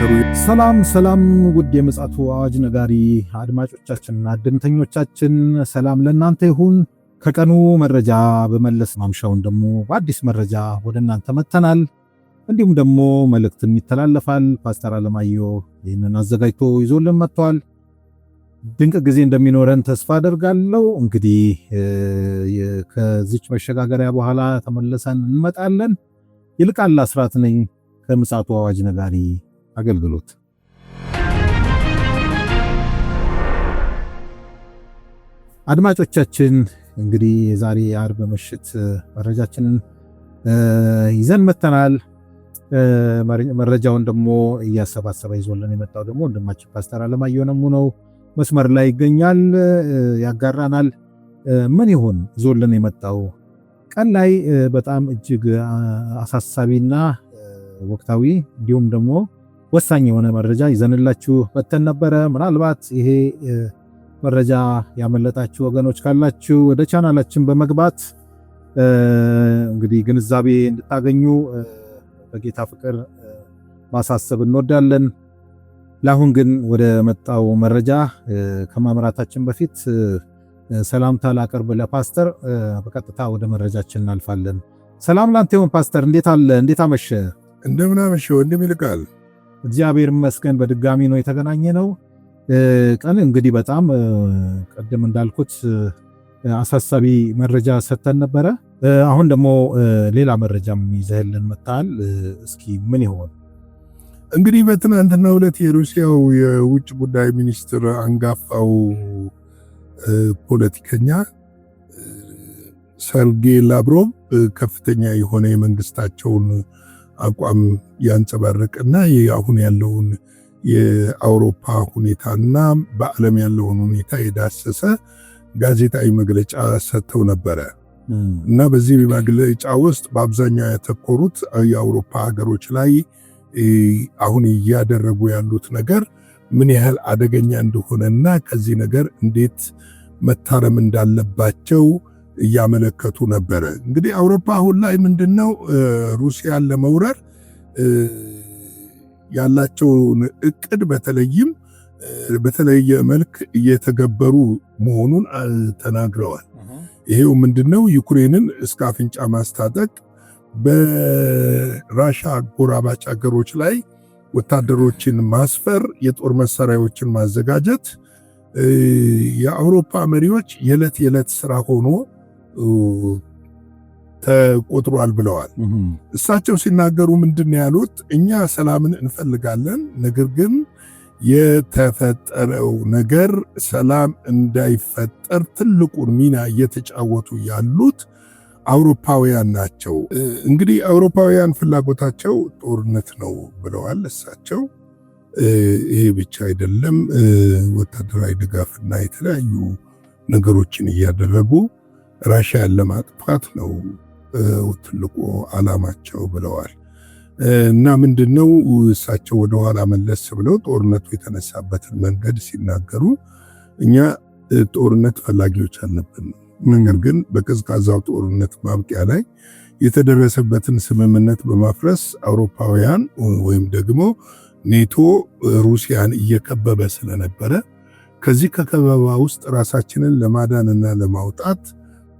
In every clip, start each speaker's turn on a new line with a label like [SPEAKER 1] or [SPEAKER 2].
[SPEAKER 1] ተደሩ። ሰላም ሰላም! ውድ የምፅዓቱ አዋጅ ነጋሪ አድማጮቻችንና አድምተኞቻችን ሰላም ለእናንተ ይሁን። ከቀኑ መረጃ በመለስ ማምሻውን ደግሞ በአዲስ መረጃ ወደ እናንተ መጥተናል። እንዲሁም ደግሞ መልእክትም ይተላለፋል። ፓስተር አለማየሁ ይህንን አዘጋጅቶ ይዞልን መጥተዋል። ድንቅ ጊዜ እንደሚኖረን ተስፋ አደርጋለሁ። እንግዲህ ከዚች መሸጋገሪያ በኋላ ተመለሰን እንመጣለን። ይልቃል አስራት ነኝ ከምፅዓቱ አዋጅ ነጋሪ አገልግሎት አድማጮቻችን እንግዲህ የዛሬ አርብ ምሽት መረጃችንን ይዘን መተናል። መረጃውን ደግሞ እያሰባሰበ ይዞልን የመጣው ደግሞ ወንድማችን ፓስተር አለማየሆነሙ ነው። መስመር ላይ ይገኛል፣ ያጋራናል። ምን ይሆን ይዞልን የመጣው ቀን ላይ በጣም እጅግ አሳሳቢና ወቅታዊ እንዲሁም ደግሞ ወሳኝ የሆነ መረጃ ይዘንላችሁ በተን ነበረ። ምናልባት ይሄ መረጃ ያመለጣችሁ ወገኖች ካላችሁ ወደ ቻናላችን በመግባት እንግዲህ ግንዛቤ እንድታገኙ በጌታ ፍቅር ማሳሰብ እንወዳለን። ለአሁን ግን ወደ መጣው መረጃ ከማምራታችን በፊት ሰላምታ ላቀርብ ለፓስተር። በቀጥታ ወደ መረጃችን እናልፋለን። ሰላም ላንተ ይሁን ፓስተር። እንዴት አለ? እንዴት አመሸ?
[SPEAKER 2] እንደምን አመሸ ወንድም ይልቃል
[SPEAKER 1] እግዚአብሔር ይመስገን በድጋሚ ነው የተገናኘ ነው ቀን እንግዲህ በጣም ቀደም እንዳልኩት አሳሳቢ መረጃ ሰጥተን ነበረ። አሁን ደግሞ ሌላ መረጃም ይዘህልን መታል። እስኪ ምን ይሆን
[SPEAKER 2] እንግዲህ በትናንትና ሁለት የሩሲያው የውጭ ጉዳይ ሚኒስትር አንጋፋው ፖለቲከኛ ሰርጌይ ላብሮቭ ከፍተኛ የሆነ የመንግስታቸውን አቋም ያንጸባረቀ እና አሁን ያለውን የአውሮፓ ሁኔታና በዓለም ያለውን ሁኔታ የዳሰሰ ጋዜጣዊ መግለጫ ሰጥተው ነበረ እና በዚህ መግለጫ ውስጥ በአብዛኛው ያተኮሩት የአውሮፓ ሀገሮች ላይ አሁን እያደረጉ ያሉት ነገር ምን ያህል አደገኛ እንደሆነና ከዚህ ነገር እንዴት መታረም እንዳለባቸው እያመለከቱ ነበረ። እንግዲህ አውሮፓ አሁን ላይ ምንድነው ሩሲያን ለመውረር ያላቸውን እቅድ በተለይም በተለየ መልክ እየተገበሩ መሆኑን ተናግረዋል። ይሄው ምንድነው ዩክሬንን እስከ አፍንጫ ማስታጠቅ፣ በራሻ ጎራባጭ ሀገሮች ላይ ወታደሮችን ማስፈር፣ የጦር መሳሪያዎችን ማዘጋጀት የአውሮፓ መሪዎች የዕለት የዕለት ስራ ሆኖ ተቆጥሯል ብለዋል። እሳቸው ሲናገሩ ምንድን ያሉት? እኛ ሰላምን እንፈልጋለን፣ ነገር ግን የተፈጠረው ነገር ሰላም እንዳይፈጠር ትልቁን ሚና እየተጫወቱ ያሉት አውሮፓውያን ናቸው። እንግዲህ አውሮፓውያን ፍላጎታቸው ጦርነት ነው ብለዋል እሳቸው። ይሄ ብቻ አይደለም፣ ወታደራዊ ድጋፍና የተለያዩ ነገሮችን እያደረጉ ራሽያን ለማጥፋት ነው ትልቁ አላማቸው ብለዋል። እና ምንድን ነው እሳቸው ወደኋላ መለስ ብለው ጦርነቱ የተነሳበትን መንገድ ሲናገሩ እኛ ጦርነት ፈላጊዎች አልነበርም፣ ነገር ግን በቀዝቃዛው ጦርነት ማብቂያ ላይ የተደረሰበትን ስምምነት በማፍረስ አውሮፓውያን ወይም ደግሞ ኔቶ ሩሲያን እየከበበ ስለነበረ ከዚህ ከከበባ ውስጥ ራሳችንን ለማዳንና ለማውጣት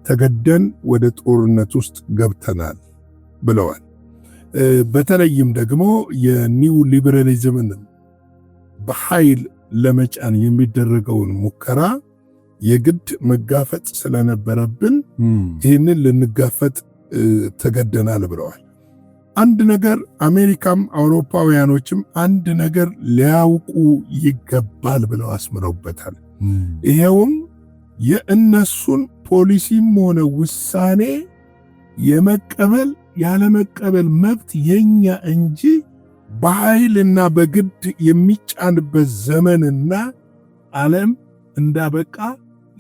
[SPEAKER 2] ተገደን ወደ ጦርነት ውስጥ ገብተናል ብለዋል። በተለይም ደግሞ የኒው ሊበራሊዝምን በኃይል ለመጫን የሚደረገውን ሙከራ የግድ መጋፈጥ ስለነበረብን ይህንን ልንጋፈጥ ተገደናል ብለዋል። አንድ ነገር አሜሪካም አውሮፓውያኖችም አንድ ነገር ሊያውቁ ይገባል ብለው አስምረውበታል። ይሄውም የእነሱን ፖሊሲም ሆነ ውሳኔ የመቀበል ያለመቀበል መብት የኛ እንጂ በኃይልና በግድ የሚጫንበት ዘመንና ዓለም እንዳበቃ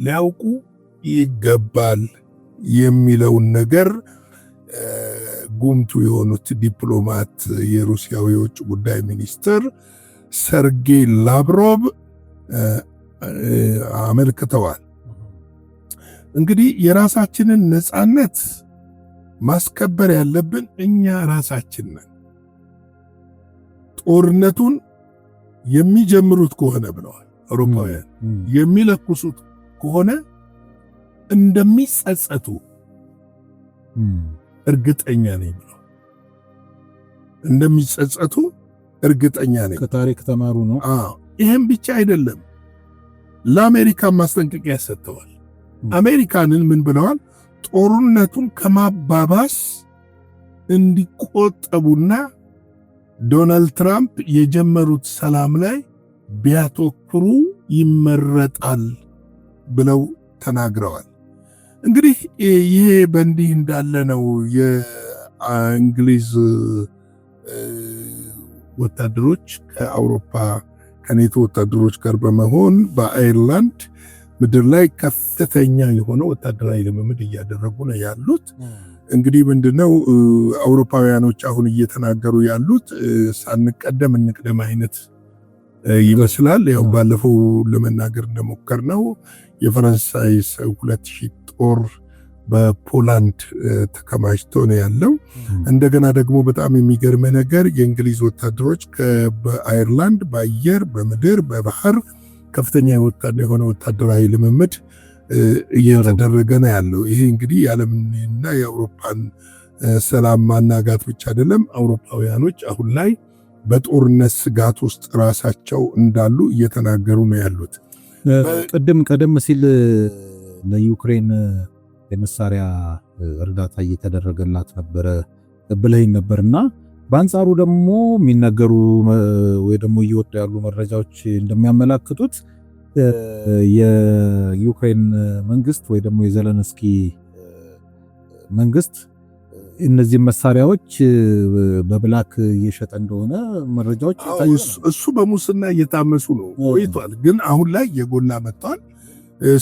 [SPEAKER 2] ሊያውቁ ይገባል የሚለውን ነገር ጉምቱ የሆኑት ዲፕሎማት የሩሲያው የውጭ ጉዳይ ሚኒስትር ሰርጌይ ላቭሮቭ አመልክተዋል። እንግዲህ የራሳችንን ነፃነት ማስከበር ያለብን እኛ ራሳችን ነን። ጦርነቱን የሚጀምሩት ከሆነ ብለዋል አውሮፓውያን የሚለኩሱት ከሆነ እንደሚጸጸቱ እርግጠኛ ነኝ ብለዋል። እንደሚጸጸቱ እርግጠኛ ነኝ።
[SPEAKER 1] ከታሪክ ተማሩ ነው።
[SPEAKER 2] ይህም ብቻ አይደለም፣ ለአሜሪካ ማስጠንቀቂያ ሰጥተዋል። አሜሪካንን ምን ብለዋል? ጦርነቱን ከማባባስ እንዲቆጠቡና ዶናልድ ትራምፕ የጀመሩት ሰላም ላይ ቢያተኩሩ ይመረጣል ብለው ተናግረዋል። እንግዲህ ይሄ በእንዲህ እንዳለ ነው የእንግሊዝ ወታደሮች ከአውሮፓ ከኔቶ ወታደሮች ጋር በመሆን በአይርላንድ ምድር ላይ ከፍተኛ የሆነ ወታደራዊ ልምምድ እያደረጉ ነው ያሉት። እንግዲህ ምንድነው አውሮፓውያኖች አሁን እየተናገሩ ያሉት ሳንቀደም እንቅደም አይነት ይመስላል። ያው ባለፈው ለመናገር እንደሞከር ነው የፈረንሳይ ሁለት ሺህ ጦር በፖላንድ ተከማችቶ ነው ያለው። እንደገና ደግሞ በጣም የሚገርመ ነገር የእንግሊዝ ወታደሮች በአይርላንድ በአየር በምድር በባህር ከፍተኛ የሆነ ወታደራዊ ልምምድ እየተደረገ ነው ያለው። ይሄ እንግዲህ የዓለምና የአውሮፓን ሰላም ማናጋት ብቻ አይደለም። አውሮፓውያኖች አሁን ላይ በጦርነት ስጋት ውስጥ ራሳቸው እንዳሉ እየተናገሩ ነው ያሉት።
[SPEAKER 1] ቅድም ቀደም ሲል ለዩክሬን የመሳሪያ እርዳታ እየተደረገላት ነበረ ብለኝ ነበርና በአንጻሩ ደግሞ የሚነገሩ ወይ ደግሞ እየወጡ ያሉ መረጃዎች እንደሚያመላክቱት የዩክሬን መንግስት ወይ ደግሞ የዘለንስኪ መንግስት እነዚህ መሳሪያዎች በብላክ እየሸጠ እንደሆነ መረጃዎች፣
[SPEAKER 2] እሱ በሙስና እየታመሱ ነው ቆይቷል፣ ግን አሁን ላይ የጎላ መጥቷል።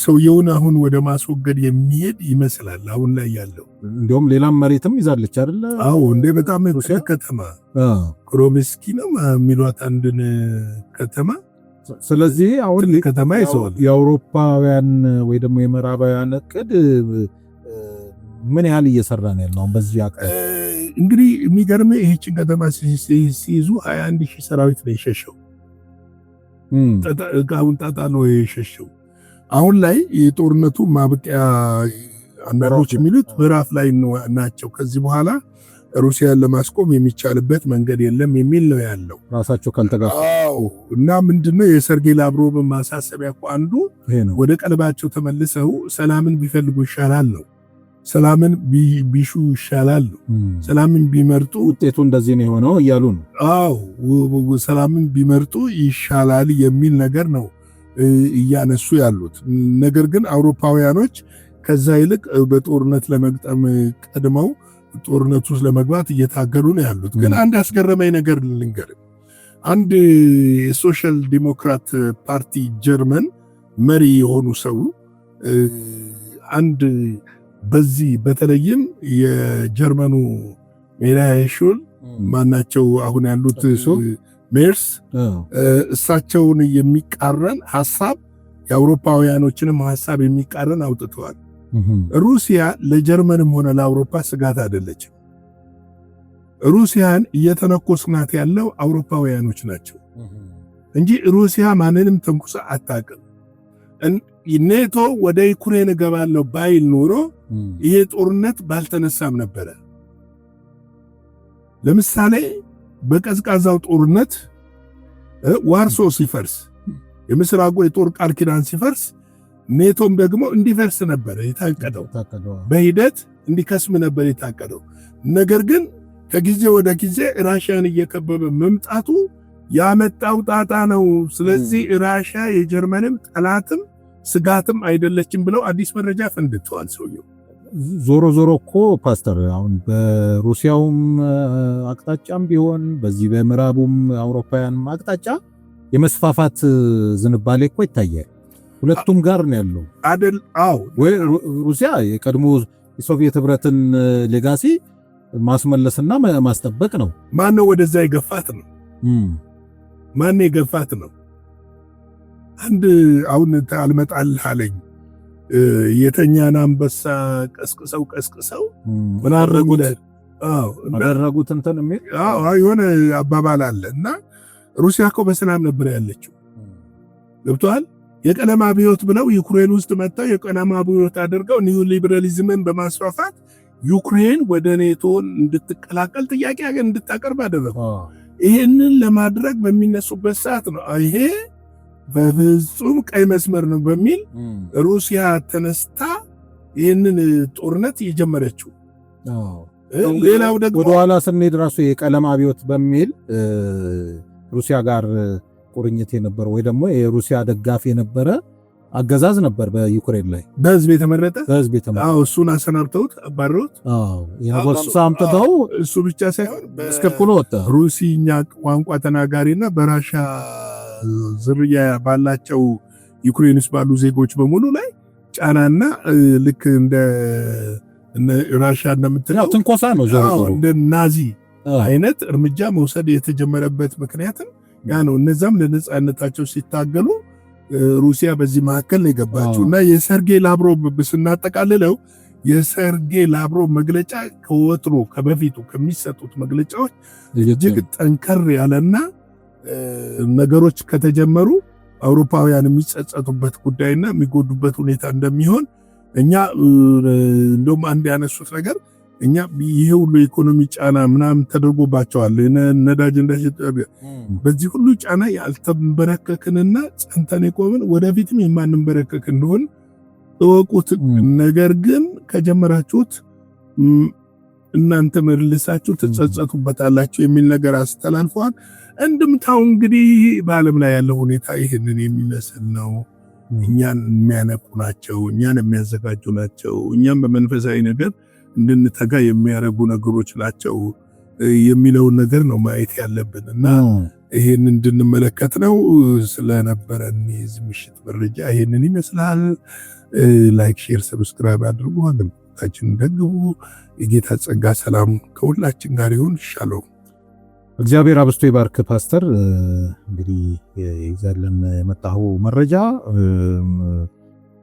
[SPEAKER 2] ሰውየውን አሁን ወደ ማስወገድ የሚሄድ ይመስላል አሁን ላይ ያለው።
[SPEAKER 1] እንዲሁም ሌላም መሬትም ይዛለች አይደለ?
[SPEAKER 2] አዎ፣ እንደ በጣም ከተማ ክሮሚስኪ ነው የሚሏት አንድን ከተማ።
[SPEAKER 1] ስለዚህ አሁን
[SPEAKER 2] ከተማ ይሰዋል።
[SPEAKER 1] የአውሮፓውያን ወይ ደግሞ የምዕራባውያን እቅድ ምን ያህል እየሰራ ነው ያለው በዚህ
[SPEAKER 2] እንግዲህ የሚገርም ይህችን ከተማ ሲይዙ 1 ሺህ ሰራዊት ነው የሸሸው። አሁን ጣጣ ነው የሸሸው አሁን ላይ የጦርነቱ ማብቂያ አንዳንዶች የሚሉት ምዕራፍ ላይ ናቸው። ከዚህ በኋላ ሩሲያን ለማስቆም የሚቻልበት መንገድ የለም የሚል ነው ያለው
[SPEAKER 1] ራሳቸው ካልተጋፉ
[SPEAKER 2] እና ምንድነው የሰርጌይ ላብሮቭ ማሳሰቢያ እኮ አንዱ ወደ ቀልባቸው ተመልሰው ሰላምን ቢፈልጉ ይሻላል ነው። ሰላምን ቢሹ ይሻላል ነው። ሰላምን ቢመርጡ
[SPEAKER 1] ውጤቱ እንደዚህ ነው የሆነው እያሉ ነው።
[SPEAKER 2] አዎ ሰላምን ቢመርጡ ይሻላል የሚል ነገር ነው እያነሱ ያሉት። ነገር ግን አውሮፓውያኖች ከዛ ይልቅ በጦርነት ለመግጠም ቀድመው ጦርነት ውስጥ ለመግባት እየታገሉ ነው ያሉት። ግን አንድ ያስገረመኝ ነገር ልንገር። አንድ የሶሻል ዲሞክራት ፓርቲ ጀርመን መሪ የሆኑ ሰው አንድ በዚህ በተለይም የጀርመኑ ሜሪያ ማናቸው አሁን ያሉት ሜርስ እሳቸውን የሚቃረን ሀሳብ የአውሮፓውያኖችንም ሀሳብ የሚቃረን አውጥተዋል። ሩሲያ ለጀርመንም ሆነ ለአውሮፓ ስጋት አይደለችም። ሩሲያን እየተነኮስናት ያለው አውሮፓውያኖች ናቸው እንጂ ሩሲያ ማንንም ተንኩሳ አታቅም። ኔቶ ወደ ዩክሬን እገባለሁ ባይል ኖሮ ይሄ ጦርነት ባልተነሳም ነበረ። ለምሳሌ በቀዝቃዛው ጦርነት ዋርሶ ሲፈርስ የምስራቁ የጦር ቃል ኪዳን ሲፈርስ ኔቶም ደግሞ እንዲፈርስ ነበር የታቀደው፣ በሂደት እንዲከስም ነበር የታቀደው። ነገር ግን ከጊዜ ወደ ጊዜ ራሽያን እየከበበ መምጣቱ ያመጣው ጣጣ ነው። ስለዚህ ራሽያ የጀርመንም ጠላትም ስጋትም አይደለችም ብለው አዲስ መረጃ ፈንድተዋል ሰውየው
[SPEAKER 1] ዞሮ ዞሮ እኮ ፓስተር አሁን በሩሲያውም አቅጣጫም ቢሆን በዚህ በምዕራቡም አውሮፓውያን አቅጣጫ የመስፋፋት ዝንባሌ እኮ ይታያል። ሁለቱም ጋር ነው ያለው
[SPEAKER 2] አደል? አዎ።
[SPEAKER 1] ወይ ሩሲያ የቀድሞ የሶቪየት ህብረትን ሌጋሲ ማስመለስና ማስጠበቅ ነው።
[SPEAKER 2] ማን ነው ወደዛ የገፋት ነው? ማን የገፋት ነው? አንድ አሁን አልመጣልህ አለኝ የተኛን አንበሳ ቀስቅሰው ቀስቅሰው ምን
[SPEAKER 1] አደረጉት እንትን የሚል
[SPEAKER 2] የሆነ አባባል አለ እና ሩሲያ እኮ በሰላም ነበር ያለችው። ገብቶሃል? የቀለም አብዮት ብለው ዩክሬን ውስጥ መጥተው የቀለም አብዮት አድርገው ኒው ሊበራሊዝምን በማስፋፋት ዩክሬን ወደ ኔቶ እንድትቀላቀል ጥያቄ እንድታቀርብ አደረጉ። ይህንን ለማድረግ በሚነሱበት ሰዓት ነው ይሄ በፍጹም ቀይ መስመር ነው በሚል ሩሲያ ተነስታ ይህንን ጦርነት የጀመረችው።
[SPEAKER 1] ሌላው ደግሞ ወደኋላ ስንሄድ ራሱ የቀለም አብዮት በሚል ሩሲያ ጋር ቁርኝት የነበረ ወይ ደግሞ የሩሲያ ደጋፊ የነበረ አገዛዝ ነበር በዩክሬን ላይ
[SPEAKER 2] በህዝብ የተመረጠ
[SPEAKER 1] በህዝብ የተመረጠ
[SPEAKER 2] እሱን አሰናብተውት አባረሩት አዎ እሱ ብቻ
[SPEAKER 1] ሳይሆን ወጣ
[SPEAKER 2] ሩሲኛ ቋንቋ ተናጋሪና በራሻ ዝርያ ባላቸው ዩክሬን ውስጥ ባሉ ዜጎች በሙሉ ላይ ጫናና ልክ እንደ ራሻ እንደምትለው ትንኮሳ ነው፣ እንደ ናዚ አይነት እርምጃ መውሰድ የተጀመረበት ምክንያትም ያ ነው። እነዛም ለነፃነታቸው ሲታገሉ ሩሲያ በዚህ መካከል ነው የገባችው እና የሰርጌይ ላብሮቭ ስናጠቃልለው የሰርጌይ ላብሮቭ መግለጫ ከወትሮ ከበፊቱ ከሚሰጡት መግለጫዎች እጅግ ጠንከር ያለና ነገሮች ከተጀመሩ አውሮፓውያን የሚጸጸቱበት ጉዳይና የሚጎዱበት ሁኔታ እንደሚሆን እኛ እንደውም አንድ ያነሱት ነገር እኛ ይሄ ሁሉ ኢኮኖሚ ጫና ምናምን ተደርጎባቸዋል። ነዳጅ እንዳሽ በዚህ ሁሉ ጫና ያልተንበረከክንና ጸንተን የቆምን ወደፊትም የማንበረከክ እንደሆን እወቁት። ነገር ግን ከጀመራችሁት እናንተ መልሳችሁ ትጸጸቱበታላችሁ የሚል ነገር አስተላልፈዋል። እንድምታው እንግዲህ በዓለም ላይ ያለው ሁኔታ ይህንን የሚመስል ነው። እኛን የሚያነቁ ናቸው፣ እኛን የሚያዘጋጁ ናቸው፣ እኛም በመንፈሳዊ ነገር እንድንተጋ የሚያደርጉ ነገሮች ናቸው የሚለውን ነገር ነው ማየት ያለብን እና ይህን እንድንመለከት ነው። ስለነበረን የዚህ ምሽት መረጃ ይህንን ይመስላል። ላይክ፣ ሼር፣ ሰብስክራይብ አድርጉ። በመምጣታችን ደግቡ የጌታ ጸጋ ሰላም ከሁላችን ጋር ይሁን። ሻሎም።
[SPEAKER 1] እግዚአብሔር አብስቶ ይባርክ። ፓስተር እንግዲህ ይዛለን የመጣው መረጃ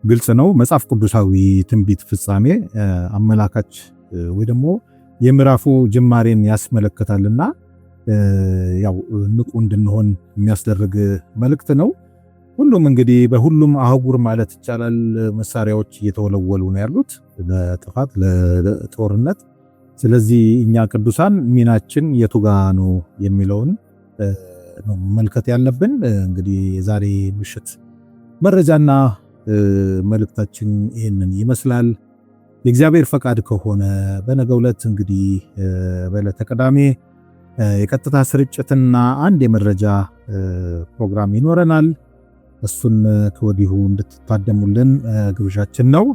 [SPEAKER 1] ግልጽ ነው። መጽሐፍ ቅዱሳዊ ትንቢት ፍጻሜ አመላካች ወይ ደግሞ የምዕራፉ ጅማሬን ያስመለከታልና ያው ንቁ እንድንሆን የሚያስደርግ መልእክት ነው። ሁሉም እንግዲህ በሁሉም አህጉር ማለት ይቻላል መሳሪያዎች እየተወለወሉ ነው ያሉት ለጥፋት፣ ለጦርነት። ስለዚህ እኛ ቅዱሳን ሚናችን የቱጋ ነው የሚለውን መመልከት ያለብን። እንግዲህ የዛሬ ምሽት መረጃና መልእክታችን ይህንን ይመስላል። የእግዚአብሔር ፈቃድ ከሆነ በነገ ዕለት እንግዲህ በዕለተ ቅዳሜ የቀጥታ ስርጭትና አንድ የመረጃ ፕሮግራም ይኖረናል። እሱን ከወዲሁ እንድትታደሙልን ግብዣችን ነው።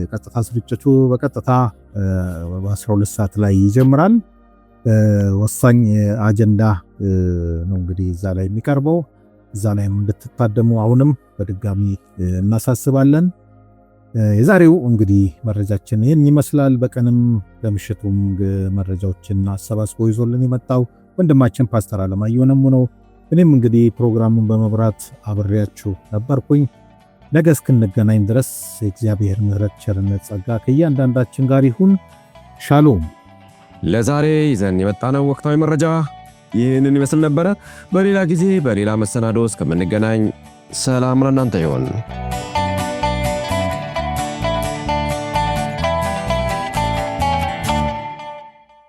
[SPEAKER 1] የቀጥታ ስርጭቱ በቀጥታ በ12 ሰዓት ላይ ይጀምራል። ወሳኝ አጀንዳ ነው እንግዲህ እዛ ላይ የሚቀርበው እዛ ላይም እንድትታደሙ አሁንም በድጋሚ እናሳስባለን። የዛሬው እንግዲህ መረጃችን ይህን ይመስላል። በቀንም በምሽቱም መረጃዎችን አሰባስቦ ይዞልን የመጣው ወንድማችን ፓስተር አለማየሁ ነው። እኔም እንግዲህ ፕሮግራሙን በመብራት አብሬያችሁ ነበርኩኝ። ነገ እስክንገናኝ ድረስ የእግዚአብሔር ምሕረት፣ ቸርነት፣ ጸጋ ከእያንዳንዳችን ጋር ይሁን። ሻሎም። ለዛሬ ይዘን የመጣነው ወቅታዊ መረጃ ይህንን ይመስል ነበረ። በሌላ ጊዜ በሌላ መሰናዶ እስከምንገናኝ ሰላም ለእናንተ ይሆን።